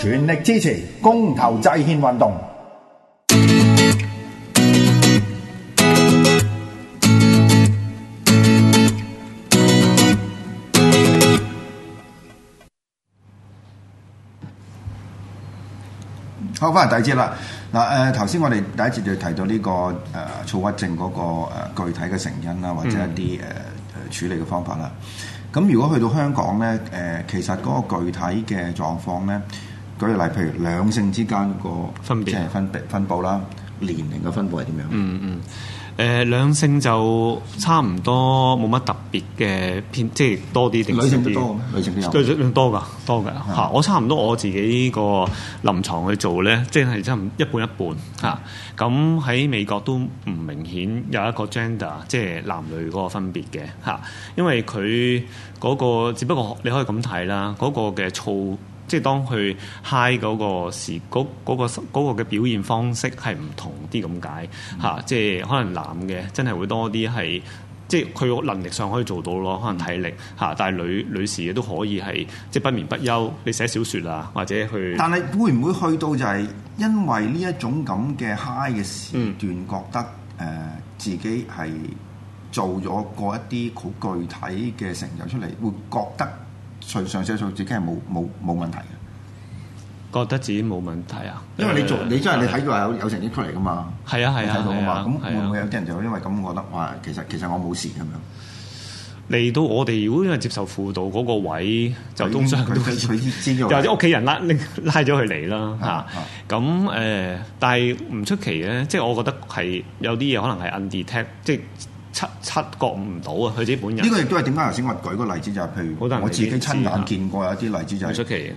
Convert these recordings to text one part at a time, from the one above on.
全力支持公投制憲運動。好，翻嚟第二節啦。嗱，誒，頭先我哋第一節、呃、就提到呢、這個誒、呃、躁鬱症嗰、那個誒、呃、具體嘅成因啦，或者一啲誒、嗯呃、處理嘅方法啦。咁如果去到香港咧，誒、呃，其實嗰個具體嘅狀況咧。舉例，例如兩性之間個即係分別分佈啦，年齡嘅分佈係點樣嗯？嗯嗯，誒、呃、兩性就差唔多，冇乜特別嘅偏，即係多啲定少啲？女性都多嘅，女性都有，多噶多嘅嚇的、啊。我差唔多，我自己個臨床去做咧，即係差唔多一半一半嚇。咁、啊、喺美國都唔明顯有一個 gender，即係男女嗰個分別嘅嚇、啊，因為佢嗰、那個只不過你可以咁睇啦，嗰、那個嘅醋。即係當佢嗨 i g h 嗰個時，嗰、那個嘅、那個、表現方式係唔同啲咁解嚇。即係可能男嘅真係會多啲係，即係佢能力上可以做到咯。可能體力嚇、啊，但係女女士亦都可以係即係不眠不休。你寫小説啊，或者去……但係會唔會去到就係因為呢一種咁嘅 high 嘅時段、嗯，覺得誒、呃、自己係做咗過一啲好具體嘅成就出嚟，會覺得？上次上車數自己係冇冇冇問題嘅，覺得自己冇問題啊？因為你做，你，做、嗯、你真係你睇佢話有有成啲出嚟噶嘛，係啊係啊，睇到啊嘛。咁、啊、會唔會有啲人就因為咁覺得話其實其實我冇事咁樣，嚟到我哋如果因為接受輔導嗰個位，就通常佢佢有啲屋企人拉拉拉咗佢嚟啦嚇。咁誒，但係唔出奇咧，即係我覺得係有啲嘢可能係 undetect 即係。七七覺唔到啊！佢自己本人呢個亦都係點解頭先我舉個例子就係，譬如我自己親眼見過有一啲例子，啊、就係出奇。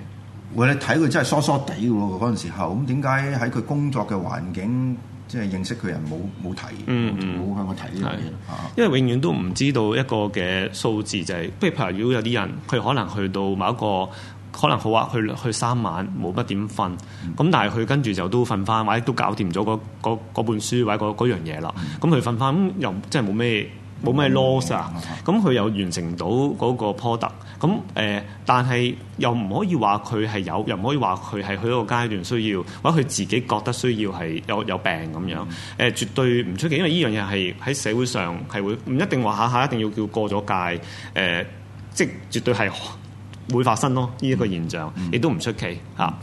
我你睇佢真係疏疏底嘅喎，嗰陣時候咁，點解喺佢工作嘅環境，即、就、係、是、認識佢人冇冇提，冇、嗯嗯、向我提呢樣嘢？的啊、因為永遠都唔知道一個嘅數字就係、是，譬如如果有啲人，佢可能去到某一個。可能好啊，去去三晚冇乜點瞓，咁、嗯、但係佢跟住就都瞓翻，或者都搞掂咗嗰本書或者嗰樣嘢啦。咁佢瞓翻又即係冇咩冇咩 loss 啊。咁佢又完成到嗰個 product 咁誒，但係又唔可以話佢係有，又唔可以話佢係去到個階段需要，或者佢自己覺得需要係有有病咁樣。誒，絕對唔出奇，因為呢樣嘢係喺社會上係會唔一定話下下一定要叫過咗界。誒、呃，即係絕對係。會發生咯，呢一個現象，亦、嗯、都唔出奇嚇。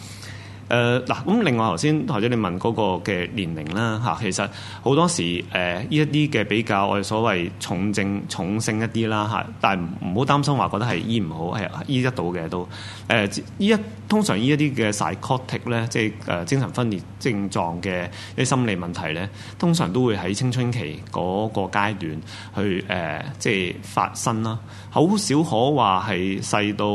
誒、啊、嗱，咁另外頭先台姐你問嗰個嘅年齡啦嚇、啊，其實好多時誒依一呢一啲嘅比較我哋所謂重症、重症一啲啦嚇，但唔好擔心話覺得係醫唔好，係醫得到嘅都誒。依、啊、一通常呢一啲嘅 psychotic 咧，即係誒精神分裂症狀嘅一啲心理問題咧，通常都會喺青春期嗰個階段去誒、呃、即係發生啦。好少可話係細到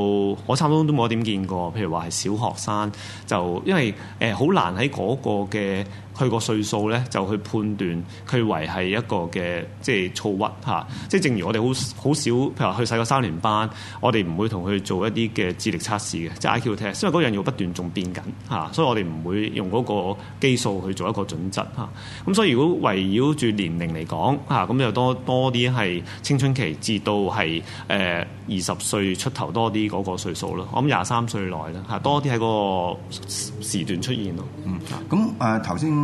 我差唔多都冇點見過，譬如話係小學生，就因為誒好、呃、難喺嗰個嘅。佢個歲數咧，就去判斷佢維係一個嘅即係躁鬱嚇。即係、啊、正如我哋好好少，譬如話去細個三年班，我哋唔會同佢做一啲嘅智力測試嘅，即係 I Q test。因為嗰樣要不斷仲變緊嚇、啊，所以我哋唔會用嗰個基數去做一個準則嚇。咁、啊、所以如果圍繞住年齡嚟講嚇，咁、啊、就多多啲係青春期至到係誒二十歲出頭多啲嗰個歲數咯。我諗廿三歲內啦嚇、啊，多啲喺嗰個時段出現咯。嗯，咁誒頭先。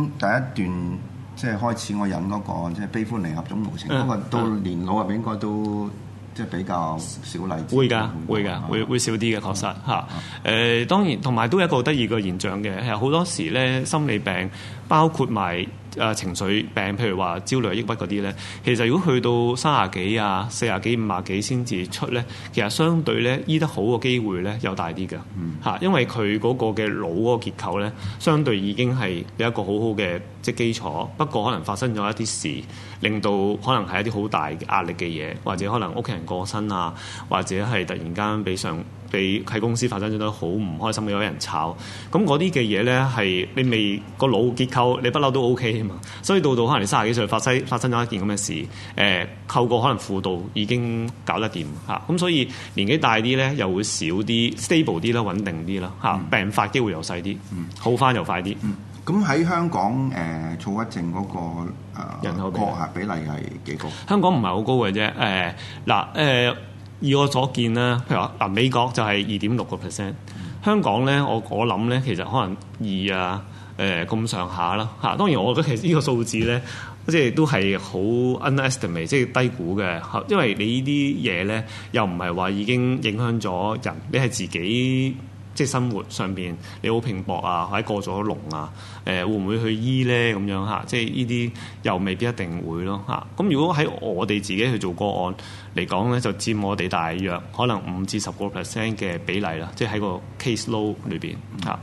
呃第一段即係開始，我引嗰、那個即係悲歡離合中無情。不過、嗯、到年老入邊，應該都即係、嗯、比較少例子。會㗎，會㗎，會會少啲嘅，嗯、確實吓。誒、嗯啊呃，當然同埋都有一個得意嘅現象嘅係好多時咧，心理病包括埋。誒、呃、情緒病，譬如話焦慮、抑鬱嗰啲咧，其實如果去到三十幾啊、四十幾、五十幾先至出咧，其實相對咧醫得好嘅機會咧又大啲嘅嚇，嗯、因為佢嗰個嘅腦嗰個結構咧，相對已經係有一個好好嘅即係基礎。不過可能發生咗一啲事，令到可能係一啲好大壓力嘅嘢，或者可能屋企人過身啊，或者係突然間俾上。被喺公司發生咗得好唔開心嘅，有人炒，咁嗰啲嘅嘢咧係你未，嗰個腦結構你不嬲都 OK 啊嘛，所以到到可能嚟卅幾歲發生發生咗一件咁嘅事，誒、呃、透過可能輔導已經搞得掂嚇，咁、啊、所以年紀大啲咧又會少啲 stable 啲啦，穩定啲啦嚇，啊嗯、病發機會又細啲，好返、嗯、又快啲。咁喺、嗯、香港誒、呃、躁鬱症嗰、嗰個、呃、人口確係比例係幾高？香港唔係好高嘅啫，誒嗱誒。呃呃呃呃呃呃以我所見咧，譬如話，嗱美國就係二點六個 percent，香港咧，我我諗咧，其實可能二啊，誒咁上下啦嚇。當然我覺得其實呢個數字咧，即係都係好 underestimate，即係低估嘅嚇，因為你呢啲嘢咧，又唔係話已經影響咗人，你係自己。即係生活上邊，你好拼搏啊，或者過咗龍啊，誒、呃、會唔會去醫咧？咁樣吓，即係依啲又未必一定會咯嚇。咁、啊、如果喺我哋自己去做個案嚟講咧，就佔我哋大約可能五至十個 percent 嘅比例啦。即係喺個 case load 裏邊吓。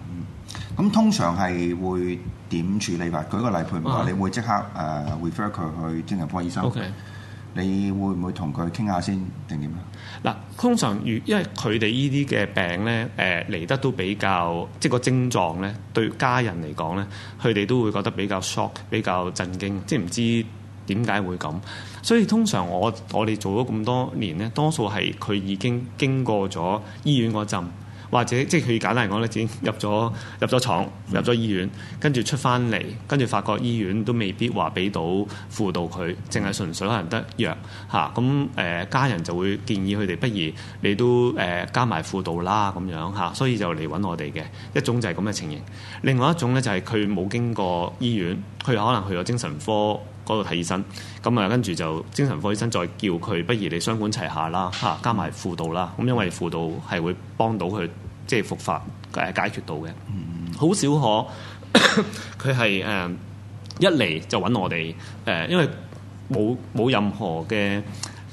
咁通常係會點處理？話舉個例譬如話，你會即刻誒 refer 佢去精神科醫生。Okay. 你會唔會同佢傾下先定點啊？嗱，通常如因為佢哋呢啲嘅病咧，誒、呃、嚟得都比較，即係個症狀咧，對家人嚟講咧，佢哋都會覺得比較 shock，比較震驚，即係唔知點解會咁。所以通常我我哋做咗咁多年咧，多數係佢已經經過咗醫院嗰陣。或者即係簡單嚟講咧，已經入咗入咗廠、入咗醫院，跟住出翻嚟，跟住發覺醫院都未必話俾到輔導佢，淨係純粹可能得藥嚇。咁、啊、誒、嗯、家人就會建議佢哋，不如你都誒、呃、加埋輔導啦咁樣嚇、啊。所以就嚟搵我哋嘅一種就係咁嘅情形。另外一種咧就係佢冇經過醫院，佢可能去咗精神科。嗰度睇醫生，咁啊跟住就精神科醫生再叫佢，不如你雙管齊下啦，嚇、啊、加埋輔導啦。咁因為輔導係會幫到佢，即、就、係、是、復發解決到嘅。好、嗯、少可佢係誒一嚟就揾我哋誒、呃，因為冇冇任何嘅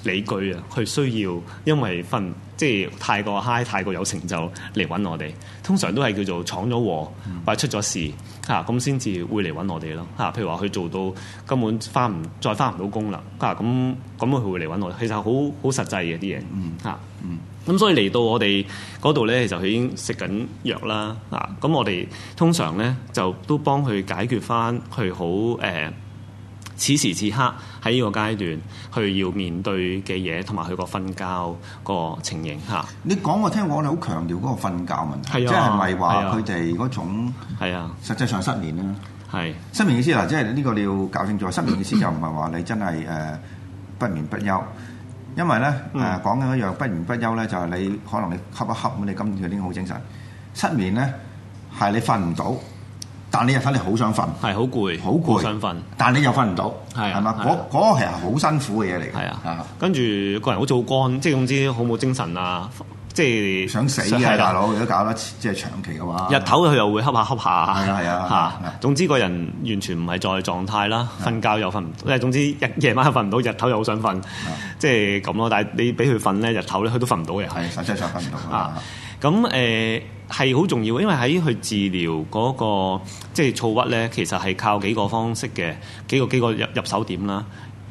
理據啊，佢需要因為份即係太過嗨、太過有成就嚟揾我哋。通常都係叫做闖咗禍、嗯、或者出咗事。嚇，咁先至會嚟揾我哋咯。嚇、啊，譬如話佢做到根本返唔再返唔到工啦。嚇、啊，咁咁佢會嚟揾我。其實好好實際嘅啲嘢。嗯。嚇、啊。嗯。咁所以嚟到我哋嗰度咧，就已經食緊藥啦。嚇、啊，咁我哋通常咧就都幫佢解決返，佢好誒。此時此刻喺呢個階段，佢要面對嘅嘢同埋佢個瞓覺個情形嚇。你講我聽，我哋好強調嗰個瞓覺問題，即係咪話佢哋嗰種係啊？啊實際上失眠啦，係是失眠意思嗱，即係呢個你要搞清楚。失眠意思就唔係話你真係誒、呃、不眠不休，因為咧誒講緊一樣不眠不休咧，就係、是、你可能你瞌一瞌咁，你今次朝拎好精神。失眠咧係你瞓唔到。但你又翻嚟好想瞓，係好攰，好攰，想瞓，但你又瞓唔到，係嘛？嗰個其實好辛苦嘅嘢嚟，係啊，跟住個人好燥幹，即係總之好冇精神啊，即係想死大佬，如果搞得即係長期嘅話，日頭佢又會瞌下瞌下，係啊係啊，嚇！總之個人完全唔係在狀態啦，瞓覺又瞓唔到，即係總之一夜晚瞓唔到，日頭又好想瞓，即係咁咯。但係你俾佢瞓咧，日頭咧佢都瞓唔到嘅，係實際上瞓唔到啊。咁誒係好重要，因為喺去治療嗰、那個即係躁鬱咧，其實係靠幾個方式嘅幾個幾個入入手點啦，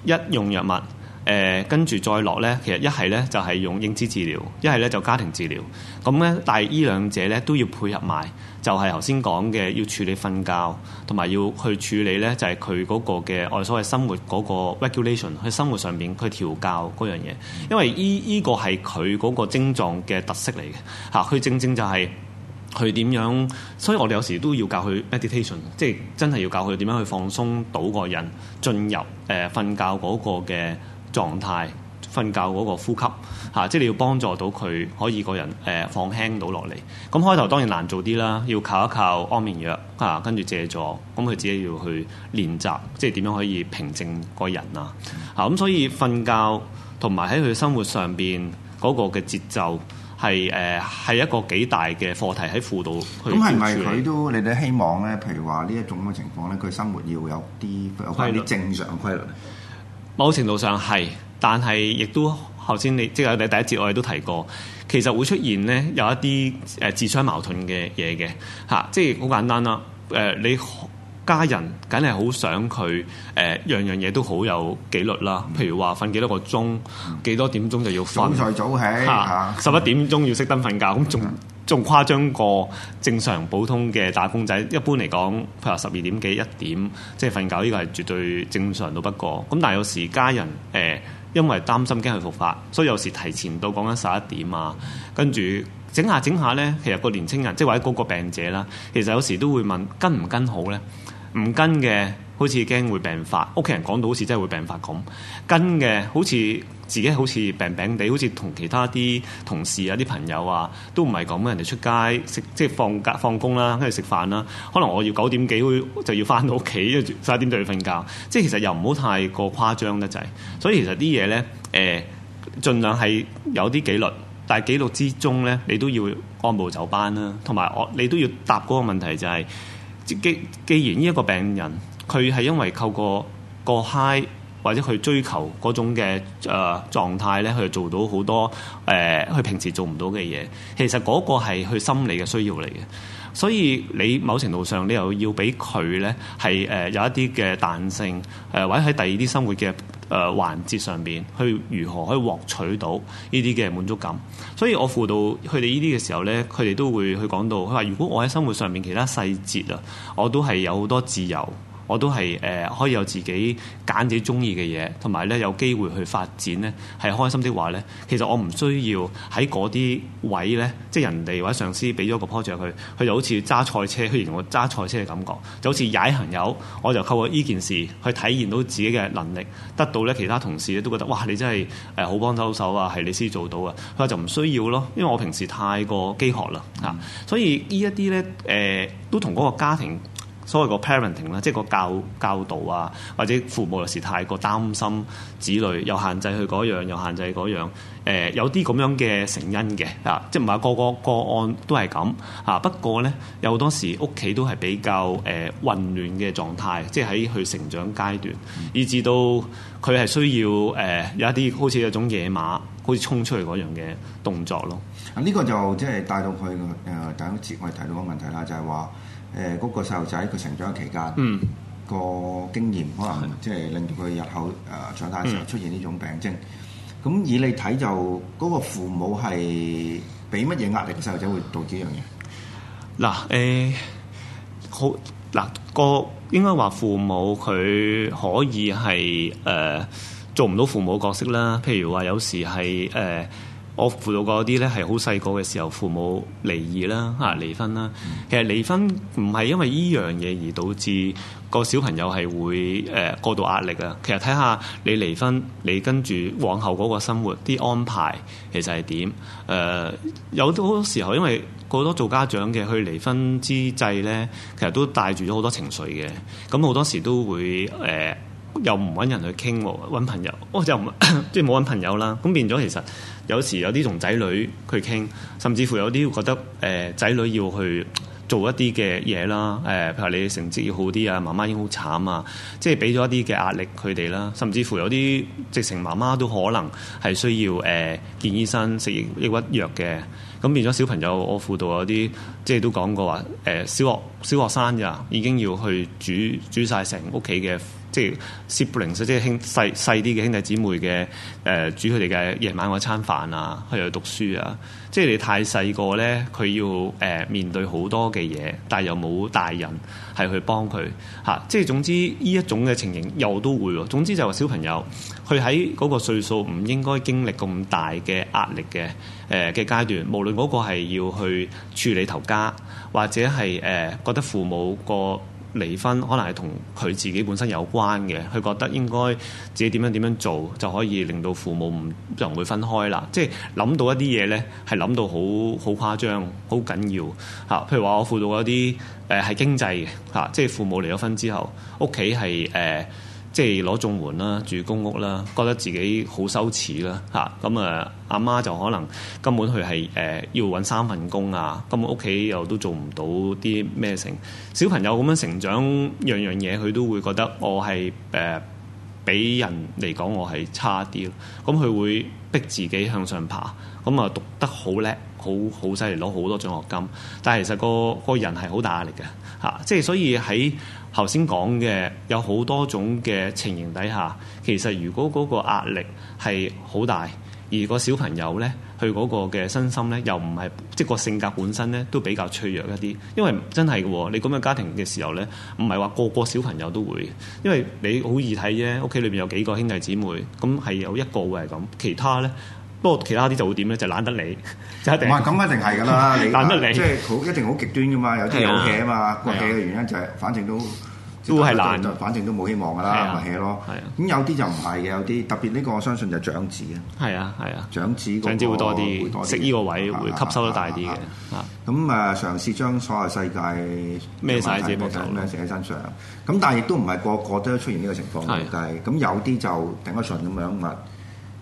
一用藥物。誒跟住再落咧，其實一係咧就係、是、用認知治療，一係咧就家庭治療。咁咧，但係依兩者咧都要配合埋，就係頭先講嘅要處理瞓覺，同埋要去處理咧就係佢嗰個嘅我哋所謂生活嗰個 regulation，佢生活上邊去調教嗰樣嘢，因為依依、這個係佢嗰個症狀嘅特色嚟嘅嚇。佢、啊、正正就係佢點樣，所以我哋有時都要教佢 meditation，即係真係要教佢點樣去放鬆到個人進入誒瞓、呃、覺嗰個嘅。狀態、瞓覺嗰個呼吸嚇、啊，即係你要幫助到佢可以個人誒、呃、放輕到落嚟。咁開頭當然難做啲啦，要靠一靠安眠藥嚇，跟、啊、住借助，咁、啊、佢自己要去練習，即係點樣可以平靜個人啊？嚇、啊、咁所以瞓覺同埋喺佢生活上邊嗰、那個嘅節奏係誒係一個幾大嘅課題喺輔導佢。咁係咪佢都你哋希望咧？譬如話呢一種嘅情況咧，佢生活要有啲有啲正常規律。某程度上係，但係亦都頭先你即係你第一節我哋都提過，其實會出現咧有一啲誒、呃、自相矛盾嘅嘢嘅嚇，即係好簡單啦。誒、呃、你家人梗係好想佢誒樣樣嘢都好有紀律啦，譬如話瞓幾多個鐘，幾、嗯、多點鐘就要瞓。早睡早起十一、啊嗯、點鐘要熄燈瞓覺咁仲。嗯嗯嗯仲誇張過正常普通嘅打工仔，一般嚟講，譬如十二點幾一點，即係瞓覺，呢個係絕對正常到不過。咁但係有時家人誒、呃，因為擔心驚佢復發，所以有時提前到講緊十一點啊，跟住整下整下呢，其實個年青人，即係或者個病者啦，其實有時都會問「跟唔跟好呢？」唔跟嘅，好似驚會病發，屋企人講到好似真係會病發咁。跟嘅，好似自己好似病病地，好似同其他啲同事啊、啲朋友啊，都唔係咁嘅。人哋出街食，即係放假放工啦，跟住食飯啦。可能我要九點幾就要翻到屋企，跟住十點就要瞓覺。即係其實又唔好太過誇張得滯。所以其實啲嘢咧，誒、呃，儘量係有啲紀律，但係紀律之中咧，你都要按部就班啦。同埋我，你都要答嗰個問題就係、是。既既然呢一個病人，佢係因為透過個 high 或者佢追求嗰種嘅誒、呃、狀態咧，佢做到好多誒佢、呃、平時做唔到嘅嘢，其實嗰個係佢心理嘅需要嚟嘅。所以你某程度上你又要俾佢咧係誒有一啲嘅彈性，誒、呃、或者喺第二啲生活嘅誒、呃、環節上邊，去如何可以獲取到呢啲嘅滿足感。所以我輔導佢哋呢啲嘅時候咧，佢哋都會去講到，佢話如果我喺生活上面其他細節啊，我都係有好多自由。我都係誒、呃、可以有自己揀自己中意嘅嘢，同埋咧有機會去發展咧，係開心的話咧，其實我唔需要喺嗰啲位咧，即係人哋或者上司俾咗個 project 佢，佢就好似揸賽車，譬如我揸賽車嘅感覺，就好似踩行友，我就靠我呢件事去體現到自己嘅能力，得到咧其他同事咧都覺得哇，你真係誒好幫手手啊，係你先做到啊，佢話就唔需要咯，因為我平時太過飢渴啦嚇、啊，所以呢，一啲咧誒都同嗰個家庭。所謂個 parenting 咧，即係個教教導啊，或者父母有時太過擔心子女，又限制佢嗰樣，又限制嗰樣。有啲咁樣嘅、呃、成因嘅啊，即係唔係個個個案都係咁啊？不過咧，有好多時屋企都係比較誒、呃、混亂嘅狀態，即係喺佢成長階段，嗯、以至到佢係需要誒、呃、有一啲好似一種野馬，好似衝出去嗰樣嘅動作咯。啊，呢、呢個就即係帶到佢。誒第一節我哋提到嘅問題啦，就係話。誒嗰、呃那個細路仔佢成長嘅期間，嗯、個經驗可能即係令到佢日後誒、呃、長大嘅時候出現呢種病徵。咁、嗯、以你睇就嗰、那個父母係俾乜嘢壓力個細路仔會導致呢樣嘢？嗱誒、呃呃，好嗱個、呃、應該話父母佢可以係誒、呃、做唔到父母角色啦。譬如話有時係誒。呃我輔導過啲咧，係好細個嘅時候，父母離異啦，嚇、啊、離婚啦。其實離婚唔係因為依樣嘢而導致個小朋友係會誒、呃、過度壓力啊。其實睇下你離婚，你跟住往後嗰個生活啲安排其實係點？誒、呃、有好多時候，因為好多做家長嘅去離婚之際咧，其實都帶住咗好多情緒嘅。咁好多時都會誒、呃、又唔揾人去傾、啊，揾朋友，我就唔、即係冇揾朋友啦。咁變咗其實。有時有啲同仔女去傾，甚至乎有啲覺得誒仔、呃、女要去做一啲嘅嘢啦，誒、呃、譬如你成績要好啲啊，媽媽已經好慘啊，即係俾咗一啲嘅壓力佢哋啦，甚至乎有啲直情媽媽都可能係需要誒、呃、見醫生食抑鬱藥嘅，咁變咗小朋友我輔導有啲即係都講過話誒、呃、小學小學生咋已，已經要去煮煮晒成屋企嘅。即係 siblings 即係兄細細啲嘅兄弟姊妹嘅誒、呃，煮佢哋嘅夜晚嗰餐飯啊，又去讀書啊。即係你太細個咧，佢要誒、呃、面對好多嘅嘢，但係又冇大人係去幫佢嚇、啊。即係總之呢一種嘅情形又都會。總之就係話小朋友佢喺嗰個歲數唔應該經歷咁大嘅壓力嘅誒嘅階段。無論嗰個係要去處理頭家，或者係誒、呃、覺得父母個。離婚可能係同佢自己本身有關嘅，佢覺得應該自己點樣點樣做就可以令到父母唔就唔會分開啦。即係諗到一啲嘢呢，係諗到好好誇張、好緊要吓、啊。譬如話我輔導一啲誒係經濟嘅吓、啊，即係父母離咗婚之後，屋企係誒。呃即係攞綜援啦，住公屋啦，覺得自己好羞恥啦嚇，咁啊阿媽、啊、就可能根本佢係誒要揾三份工啊，根本屋企又都做唔到啲咩成，小朋友咁樣成長樣樣嘢，佢都會覺得我係誒、呃、比人嚟講我係差啲，咁、啊、佢會逼自己向上爬，咁啊、啊讀得好叻，好好犀利攞好多獎學金，但係其實個個人係好大壓力嘅嚇、啊，即係所以喺。頭先講嘅有好多種嘅情形底下，其實如果嗰個壓力係好大，而個小朋友呢，佢嗰個嘅身心呢，又唔係即個性格本身呢都比較脆弱一啲，因為真係嘅喎，你咁嘅家庭嘅時候呢，唔係話個個小朋友都會，因為你好易睇啫，屋企裏面有幾個兄弟姊妹，咁係有一個會係咁，其他呢？不過其他啲就會點咧？就懶得理，就一定咁，一定係噶啦，懶得理，即係好一定好極端噶嘛。有啲有嘅嘛，個嘅原因就係反正都都係懶，反正都冇希望噶啦，咪 hea 咯。咁有啲就唔係嘅，有啲特別呢個我相信就長子啊，係啊係啊，長子長子會多啲，食呢個位會吸收得大啲嘅。咁誒嘗試將所有世界孭晒接唔同嘅喺身上，咁但係亦都唔係個個都出現呢個情況，但係咁有啲就頂得順咁樣啊。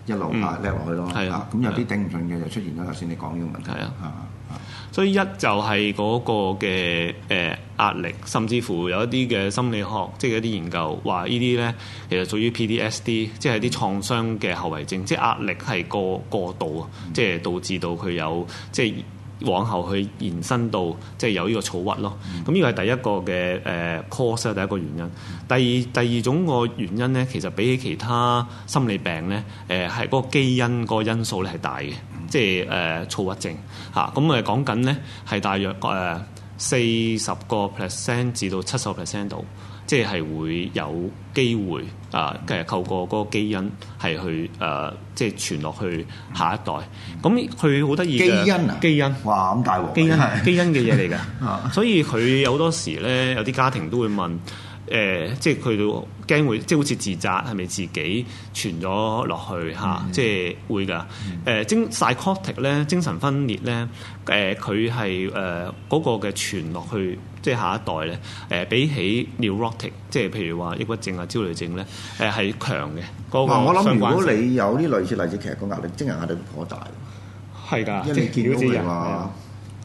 一路啊叻落去咯，咁的、啊、有啲頂唔順嘅就出現咗，頭先你講呢個問題的啊。啊所以一就係嗰個嘅誒、呃、壓力，甚至乎有一啲嘅心理學，即、就、係、是、一啲研究話呢啲咧，其實屬於 PDSD，即係啲創傷嘅後遺症，即、就、係、是、壓力係過過度，即係、嗯、導致到佢有即係。就是往後去延伸到即係、就是、有呢個躁鬱咯，咁呢個係第一個嘅誒 cause 啊，第一個原因。嗯、第二第二種個原因咧，其實比起其他心理病咧，誒、呃，係嗰個基因個因素咧係大嘅，嗯、即係誒躁鬱症吓。咁我哋講緊咧，係大約誒。呃四十個 percent 至到七十 percent 度，即係會有機會啊！誒，透過嗰個基因係去誒、啊，即係傳落去下一代。咁佢好得意嘅基因啊！基因哇咁大鑊、啊、基因係基因嘅嘢嚟㗎， 所以佢有好多時咧，有啲家庭都會問誒、呃，即係佢到。驚會即係好似自責係咪自己傳咗落去嚇？即係會㗎。誒精曬 psychotic 咧，精神分裂咧，誒佢係誒嗰個嘅傳落去，即係下一代咧。誒比起 neurotic，即係譬如話抑鬱症啊、焦慮症咧，誒係強嘅。嗱，我諗如果你有啲類似例子，其實個壓力、精神壓力都頗大。係㗎，因為你見到人話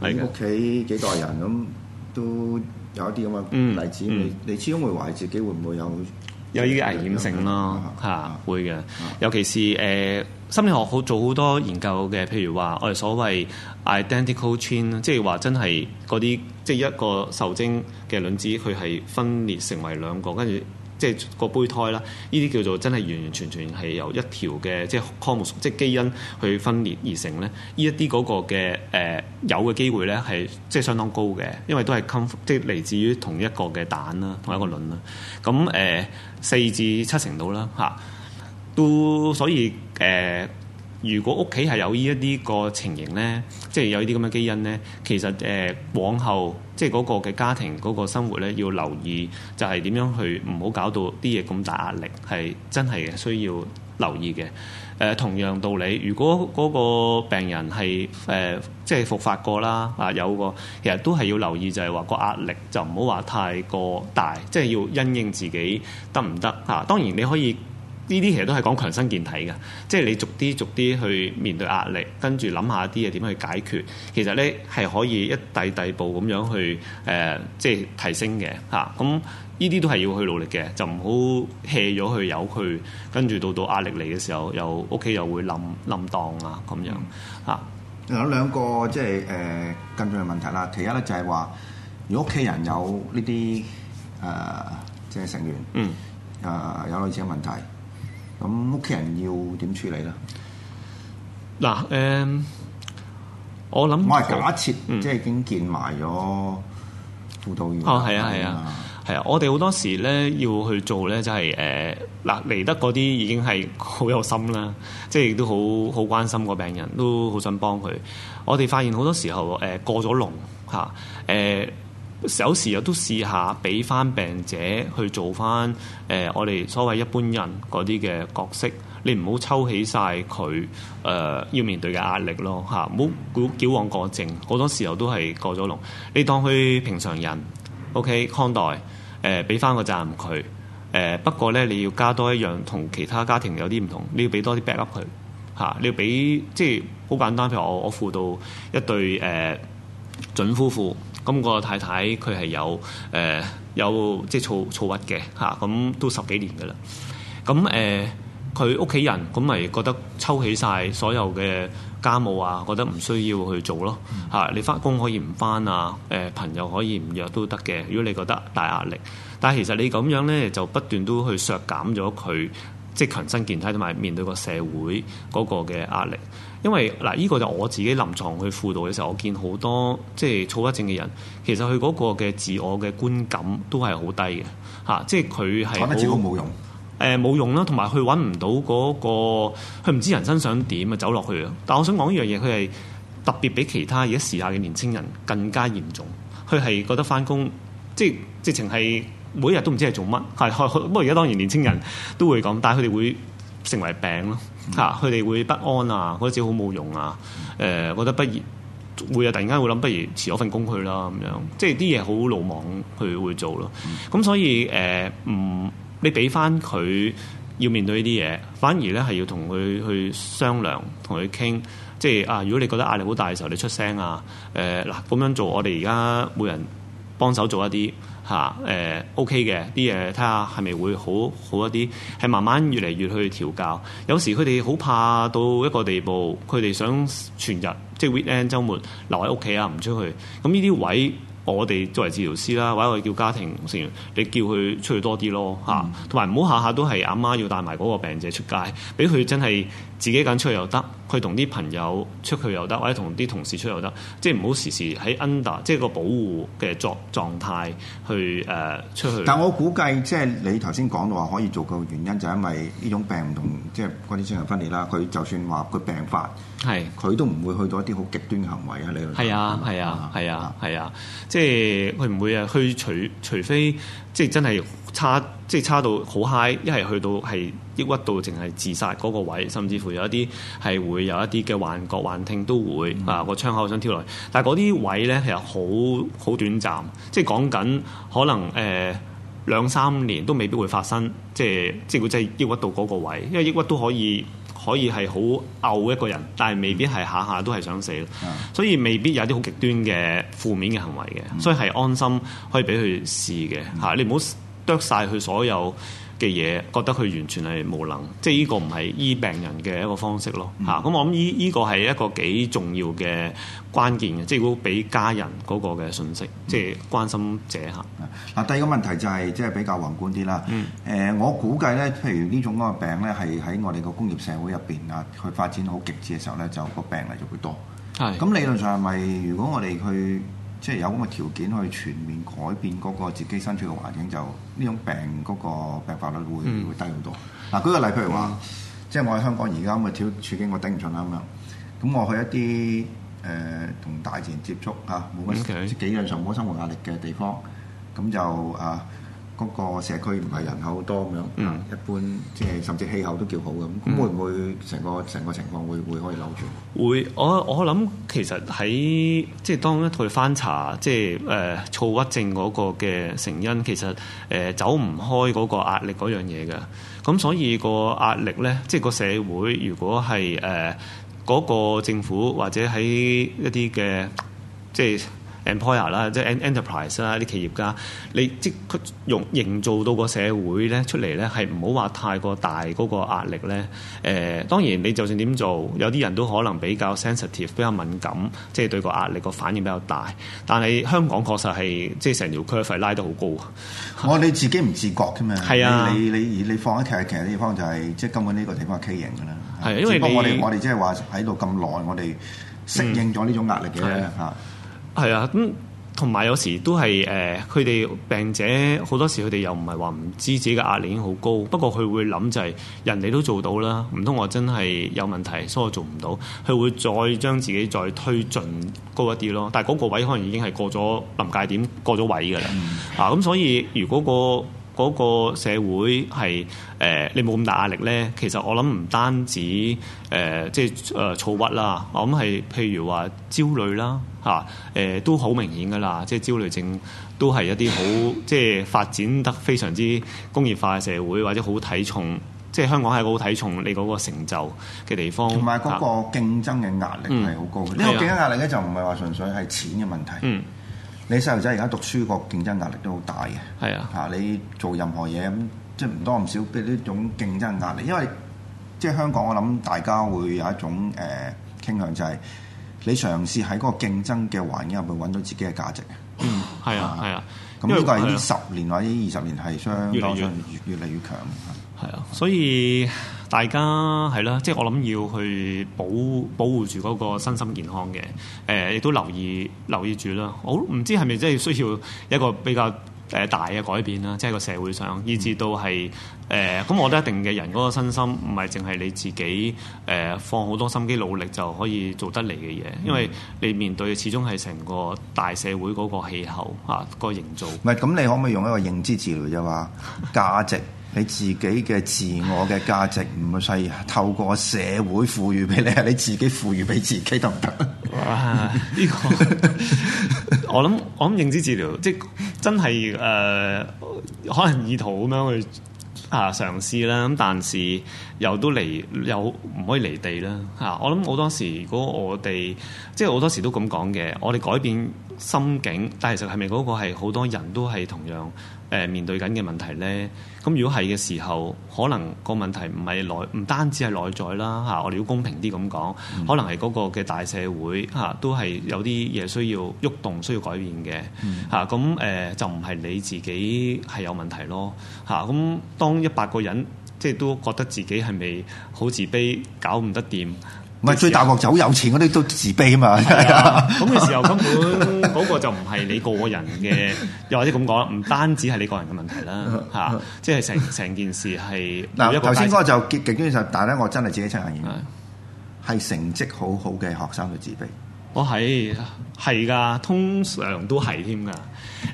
喺屋企幾代人咁都有一啲咁嘅例子，你你始終會懷疑自己會唔會有？有呢個危險性咯，嚇會嘅。尤其是誒、呃，心理學好做好多研究嘅，譬如話我哋所謂 identical twin，即係話真係嗰啲，即係一個受精嘅卵子佢係分裂成為兩個，跟住。即係個胚胎啦，呢啲叫做真係完完全全係由一條嘅即係 com，即係基因去分裂而成咧。呢一啲嗰個嘅誒、呃、有嘅機會咧係即係相當高嘅，因為都係 con，即係嚟自於同一個嘅蛋啦，同一個卵啦。咁誒四至七成度啦，嚇、啊、都所以誒。呃如果屋企係有依一啲個情形咧，即係有依啲咁嘅基因咧，其實誒往後即係嗰個嘅家庭嗰個生活咧，要留意就係點樣去唔好搞到啲嘢咁大壓力，係真係需要留意嘅。誒同樣道理，如果嗰個病人係誒即係復發過啦啊，有個其實都係要留意，就係話個壓力就唔好話太過大，即係要因應自己得唔得嚇。當然你可以。呢啲其實都係講強身健體嘅，即係你逐啲逐啲去面對壓力，跟住諗下啲嘢點樣去解決。其實咧係可以一遞遞步咁樣去誒、呃，即係提升嘅嚇。咁呢啲都係要去努力嘅，就唔好 hea 咗去，由佢跟住到到壓力嚟嘅時候，又屋企又會冧冧當啊咁樣嚇。啊、有兩個即係誒更重要問題啦。其一咧就係話，如果屋企人有呢啲誒即係成員，嗯誒、呃、有類似嘅問題。咁屋企人要點處理咧？嗱，誒、呃，我諗，我係、啊、假設，嗯、即係已經見埋咗輔導員。哦，係啊，係啊，係啊，啊，啊，我哋好多時咧要去做咧，就係、是、誒，嗱、呃，嚟得嗰啲已經係好有心啦，即係亦都好好關心個病人，都好想幫佢。我哋發現好多時候誒、呃、過咗龍嚇誒。啊呃時有時又都試下俾翻病者去做翻誒、呃、我哋所謂一般人嗰啲嘅角色，你唔好抽起晒佢誒要面對嘅壓力咯嚇，唔好矯枉過正，好多時候都係過咗龍。你當佢平常人，OK 看待誒，俾、呃、翻個責任佢誒。不過咧，你要加多一樣同其他家庭有啲唔同，你要俾多啲 back up 佢嚇、啊。你要俾即係好簡單，譬如我我輔導一對誒、呃、準夫婦。咁個太太佢係有誒、呃、有即係躁躁鬱嘅嚇，咁、啊、都十幾年㗎喇。咁誒佢屋企人咁咪、啊、覺得抽起晒所有嘅家務啊，覺得唔需要去做咯嚇、啊。你返工可以唔返啊，誒朋友可以唔約都得嘅。如果你覺得大壓力，但係其實你咁樣咧，就不斷都去削減咗佢即係強身健體同埋面對個社會嗰個嘅壓力。因為嗱，依、這個就我自己臨床去輔導嘅時候，我見好多即係躁鬱症嘅人，其實佢嗰個嘅自我嘅觀感都係好低嘅，嚇、啊，即係佢係產得自冇用，誒冇、呃、用啦，同埋佢揾唔到嗰、那個，佢唔知人生想點啊，走落去啊。但係我想講一樣嘢，佢係特別比其他而家時下嘅年輕人更加嚴重，佢係覺得翻工即係直情係每一日都唔知係做乜，係不過而家當然年輕人都會講，但係佢哋會成為病咯。嚇，佢哋會不安啊，覺得自己好冇用啊。誒、呃，覺得不如會啊，突然間會諗不如辭咗份工去啦，咁樣即係啲嘢好魯莽去，佢會做咯。咁所以誒，唔、呃、你俾翻佢要面對呢啲嘢，反而咧係要同佢去商量，同佢傾。即係啊，如果你覺得壓力好大嘅時候，你出聲啊。誒、呃、嗱，咁樣做，我哋而家每人幫手做一啲。嚇、誒、啊呃、OK 嘅啲嘢睇下係咪會好好一啲，係慢慢越嚟越去調教。有時佢哋好怕到一個地步，佢哋想全日即係 weekend 周末留喺屋企啊，唔出去。咁呢啲位，我哋作為治療師啦，或者我哋叫家庭成員，你叫佢出去多啲咯嚇。同埋唔好下下都係阿媽要帶埋嗰個病者出街，俾佢真係。自己揀出去又得，佢同啲朋友出去又得，或者同啲同事出又得，即係唔好時時喺 under，即係個保護嘅狀狀態去誒、呃、出去。但我估計即係你頭先講到話可以做嘅原因，就係因為呢種病唔同即係嗰啲精神分裂啦。佢就算話佢病發，係佢是都唔會去到一啲好極端嘅行為你啊！你係、嗯、啊係啊係啊係啊，即係佢唔會啊去除除非。即係真係差，即係差到好嗨，一係去到係抑鬱到淨係自殺嗰個位，甚至乎有一啲係會有一啲嘅幻覺、幻聽都會、嗯、啊個窗口想跳落去，但係嗰啲位咧其實好好短暫，即係講緊可能誒、呃、兩三年都未必會發生，即係即係佢真係抑鬱到嗰個位，因為抑鬱都可以。可以係好嘔一個人，但係未必係下下都係想死咯。嗯、所以未必有啲好極端嘅負面嘅行為嘅，所以係安心可以俾佢試嘅吓。嗯、你唔好啄晒佢所有。嘅嘢，覺得佢完全係無能，即係呢個唔係醫病人嘅一個方式咯。嚇、嗯，咁、啊、我諗依依個係一個幾重要嘅關鍵嘅，嗯、即係如果俾家人嗰個嘅信息，即係、嗯、關心者嚇。嗱、啊、第二個問題就係即係比較宏觀啲啦。誒、嗯呃，我估計咧，譬如種呢種個病咧，係喺我哋個工業社會入邊啊，去發展好極致嘅時候咧，就個病例就會多。係咁是理論上係咪如果我哋去？即係有咁嘅條件去全面改變嗰個自己身處嘅環境，就呢種病嗰個病發率會、嗯、會低好多。嗱、啊，舉個例，譬如話，嗯、即係我喺香港而家咁嘅處境我，我頂唔順啦咁樣。咁我去一啲誒同大自然接觸嚇，冇乜幾樣上冇生活壓力嘅地方，咁就啊。嗰個社區唔係人口多咁樣，嗯，一般即係甚至氣候都叫好嘅，咁會唔會成個成個情況會會可以扭轉？會，我我諗其實喺即係當一佢翻查即係誒、呃、躁鬱症嗰個嘅成因，其實誒、呃、走唔開嗰個壓力嗰樣嘢嘅，咁所以個壓力咧，即係個社會如果係誒嗰個政府或者喺一啲嘅即係。Employer 啦，即係、er, enterprise 啦，啲企業家，你即用營造到個社會咧出嚟咧，係唔好話太過大嗰個壓力咧。誒、呃，當然你就算點做，有啲人都可能比較 sensitive，比較敏感，即、就、係、是、對個壓力個反應比較大。但係香港確實係即係成條 curve 拉得好高，我哋、哦、自己唔自覺嘅嘛，係啊，你你，你放喺其實其實呢方就係、是、即係根本呢個地方係畸形㗎啦。係因為我哋我哋即係話喺度咁耐，我哋適應咗呢種壓力嘅嚇。嗯。係啊，咁同埋有時都係誒，佢、呃、哋病者好多時佢哋又唔係話唔知自己嘅壓力已經好高，不過佢會諗就係、是、人哋都做到啦，唔通我真係有問題，所以我做唔到，佢會再將自己再推進高一啲咯。但係嗰個位可能已經係過咗臨界點過，過咗位㗎啦。啊，咁所以如果、嗰個嗰個社會係誒、呃、你冇咁大壓力咧，其實我諗唔單止誒、呃、即係誒躁鬱啦，我諗係譬如話焦慮啦嚇誒都好明顯噶啦，即係焦慮症都係一啲好即係發展得非常之工業化嘅社會，或者好睇重即係香港係好睇重你嗰個成就嘅地方，同埋嗰個競爭嘅壓力係好高嘅。呢、嗯、個競爭壓力咧就唔係話純粹係錢嘅問題。嗯嗯。你細路仔而家讀書個競爭壓力都好大嘅，係啊，嚇、啊、你做任何嘢咁，即係唔多唔少嘅呢種競爭壓力。因為即係香港，我諗大家會有一種誒、呃、傾向，就係你嘗試喺嗰個競爭嘅環境入邊揾到自己嘅價值。嗯，係啊，係啊。咁呢、啊啊、個係呢十年或者二十年係相當越越嚟越強。係、嗯、啊，所以。大家係啦，即係我諗要去保保護住嗰個身心健康嘅，誒、呃、亦都留意留意住啦。我唔知係咪真係需要一個比較誒大嘅改變啦，即係個社會上，以至到係誒咁，我覺得一定嘅人嗰個身心唔係淨係你自己誒、呃、放好多心機努力就可以做得嚟嘅嘢，嗯、因為你面對嘅始終係成個大社會嗰個氣候啊、嗰個營造。唔係咁，你可唔可以用一個認知治療咋話價值？ 你自己嘅自我嘅價值唔使透過社會賦予俾你呀，你自己賦予俾自己得唔得？行行哇！呢、這個 我諗，我諗認知治療即真係誒、呃，可能意圖咁樣去啊嘗試啦。咁但是又都離又唔可以離地啦嚇。我諗好多時，如果我哋即係好多時都咁講嘅，我哋改變心境，但其實係咪嗰個係好多人都係同樣誒面對緊嘅問題咧？咁如果係嘅時候，可能個問題唔係內，唔單止係內在啦嚇。我哋要公平啲咁講，可能係嗰個嘅大社會嚇都係有啲嘢需要喐動，動，需要改變嘅嚇。咁誒、嗯啊呃、就唔係你自己係有問題咯嚇。咁、啊、當一百個人即係都覺得自己係咪好自卑，搞唔得掂。唔係最大就好有錢嗰啲都自卑啊嘛，咁嘅、啊、時候根本嗰 個就唔係你個人嘅，又或者咁講啦，唔單止係你個人嘅問題啦，嚇、啊，即係成成件事係嗱，頭先嗰個就極極端嘅。但係咧我真係自己親眼見，係、啊、成績好好嘅學生去自卑，我係係㗎，通常都係添㗎。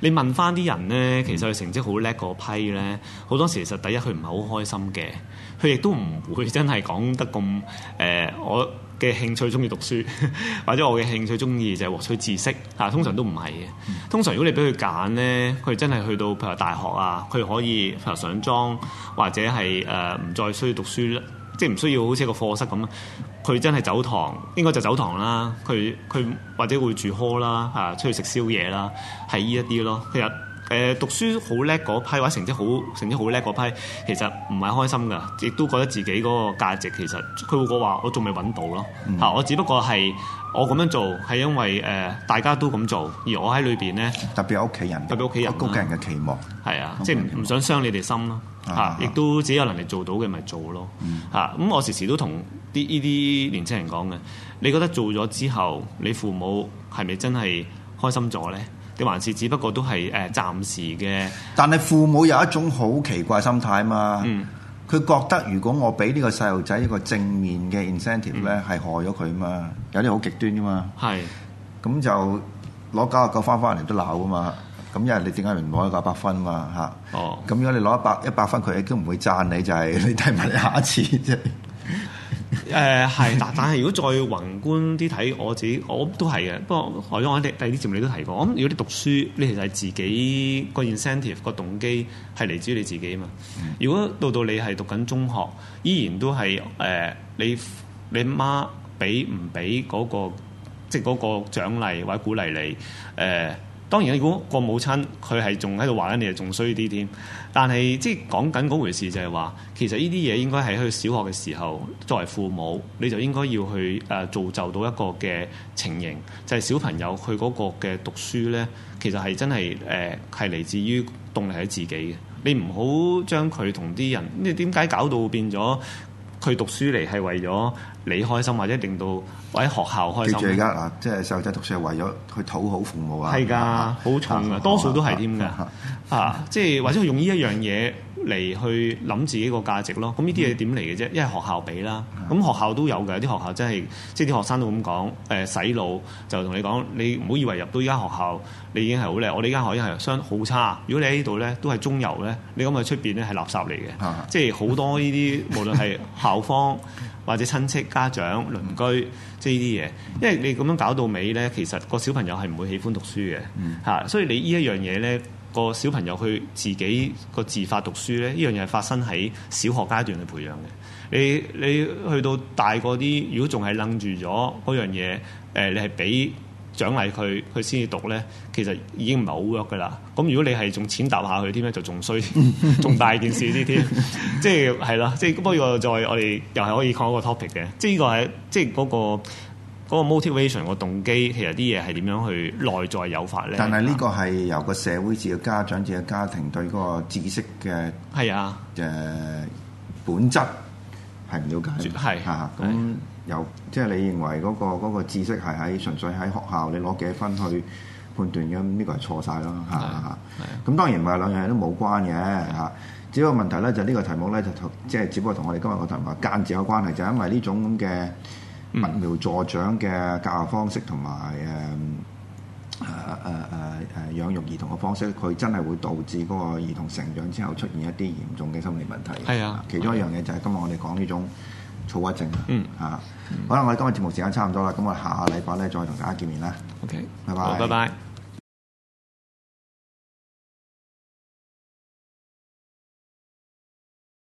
你問翻啲人咧，其實佢成績好叻嗰批咧，好多時其實第一佢唔係好開心嘅，佢亦都唔會真係講得咁誒、呃。我嘅興趣鍾意讀書，或者我嘅興趣鍾意就係獲取知識啊，通常都唔係嘅。通常如果你俾佢揀咧，佢真係去到譬如大學啊，佢可以譬如上莊或者係誒唔再需要讀書啦，即係唔需要好似個課室咁。佢真係走堂，應該就走堂啦。佢佢或者會住 hall 啦，啊出去食宵夜啦，係依一啲咯。其實誒讀書好叻嗰批或者成績好成績好叻嗰批，其實唔係開心噶，亦都覺得自己嗰個價值其實，佢會講話我仲未揾到咯，嚇、hmm. 啊、我只不過係。我咁樣做係因為誒、呃、大家都咁做，而我喺裏邊咧，特別屋企人，特別屋企人、屋企人嘅期望，係啊，即係唔想傷你哋心咯，嚇、啊啊啊！亦都自己有能力做到嘅咪做咯，嚇、嗯！咁、啊、我時時都同啲呢啲年青人講嘅，你覺得做咗之後，你父母係咪真係開心咗咧？定還是只不過都係誒、呃、暫時嘅？但係父母有一種好奇怪心態啊嘛。嗯。佢覺得如果我俾呢個細路仔一個正面嘅 incentive 咧、嗯，係害咗佢嘛，有啲好極端嘅嘛，係，咁 就攞九十九分翻嚟都鬧啊嘛，咁因為你點解唔攞一百分嘛嚇？ 哦，咁如果你攞一百一百分，佢亦都唔會讚你、就係，就係你睇埋你下一次啫。 誒係，嗱、呃，但係如果再宏觀啲睇，我自己我都係嘅。不過海東，我哋第二啲節目你都提過。我諗如果你讀書，你其實係自己個 incentive 個動機係嚟自於你自己啊嘛。如果到到你係讀緊中學，依然都係誒、呃、你你媽俾唔俾嗰個即係嗰個獎勵或者鼓勵你誒。呃當然，如果個母親，佢係仲喺度玩緊，你係仲衰啲添。但係即係講緊嗰回事，就係話，其實呢啲嘢應該係佢小學嘅時候，作為父母，你就應該要去誒、呃、造就到一個嘅情形，就係、是、小朋友佢嗰個嘅讀書呢，其實係真係誒係嚟自於動力喺自己嘅。你唔好將佢同啲人，你點解搞到變咗佢讀書嚟係為咗？你開心或者令到或者學校開心。記住即係細路仔讀書係為咗去討好父母的啊，係㗎，好重啊，多數都係添㗎，嚇，即係或者佢用呢一樣嘢。嚟去諗自己個價值咯，咁呢啲嘢點嚟嘅啫？因為學校俾啦，咁學校都有嘅，有啲學校真係，即係啲學生都咁講，誒洗腦就同你講，你唔好以為入到依間學校你已經係好叻，我哋呢間學校係相好差，如果你喺呢度咧都係中游咧，你咁去出邊咧係垃圾嚟嘅， 即係好多呢啲無論係校方 或者親戚家長鄰居，即係呢啲嘢，因為你咁樣搞到尾咧，其實個小朋友係唔會喜歡讀書嘅，嚇， 所以你呢一樣嘢咧。個小朋友去自己個自發讀書咧，呢樣嘢發生喺小學階段去培養嘅。你你去到大個啲，如果仲係愣住咗嗰樣嘢，誒、呃、你係俾獎勵佢，佢先至讀咧，其實已經唔係好 work 㗎喇。咁如果你係仲踐踏下佢添咧，就仲衰，仲大件事啲添。即係係啦，即係不過再我哋又係可以講一個 topic 嘅，即係呢個係即係嗰個。即係嗰個嗰個 motivation 個動機，其實啲嘢係點樣去內在誘發咧？但係呢個係由個社會至嘅家長至嘅家庭對嗰個知識嘅係啊誒、呃、本質係唔了解，係嚇咁由即係你認為嗰、嗰個嗰個知識係喺純粹喺學校你攞幾分去判斷嘅，咁呢個係錯曬囉嚇。咁當然唔係兩樣嘢都冇關嘅嚇，只不過問題咧就呢、是、個題目咧就即、是、係只不過同我哋今日個題目間接有關係，就是、因為呢種咁嘅。拔苗、嗯、助長嘅教育方式同埋誒誒誒誒誒養育兒童嘅方式，佢真係會導致嗰個兒童成長之後出現一啲嚴重嘅心理問題。係啊的，其中一樣嘢就係今日我哋講呢種躁鬱症嗯，嚇、啊，嗯、好啦，我哋今日節目時間差唔多啦，咁我下個禮拜咧再同大家見面啦。OK，拜拜。拜拜。Bye bye bye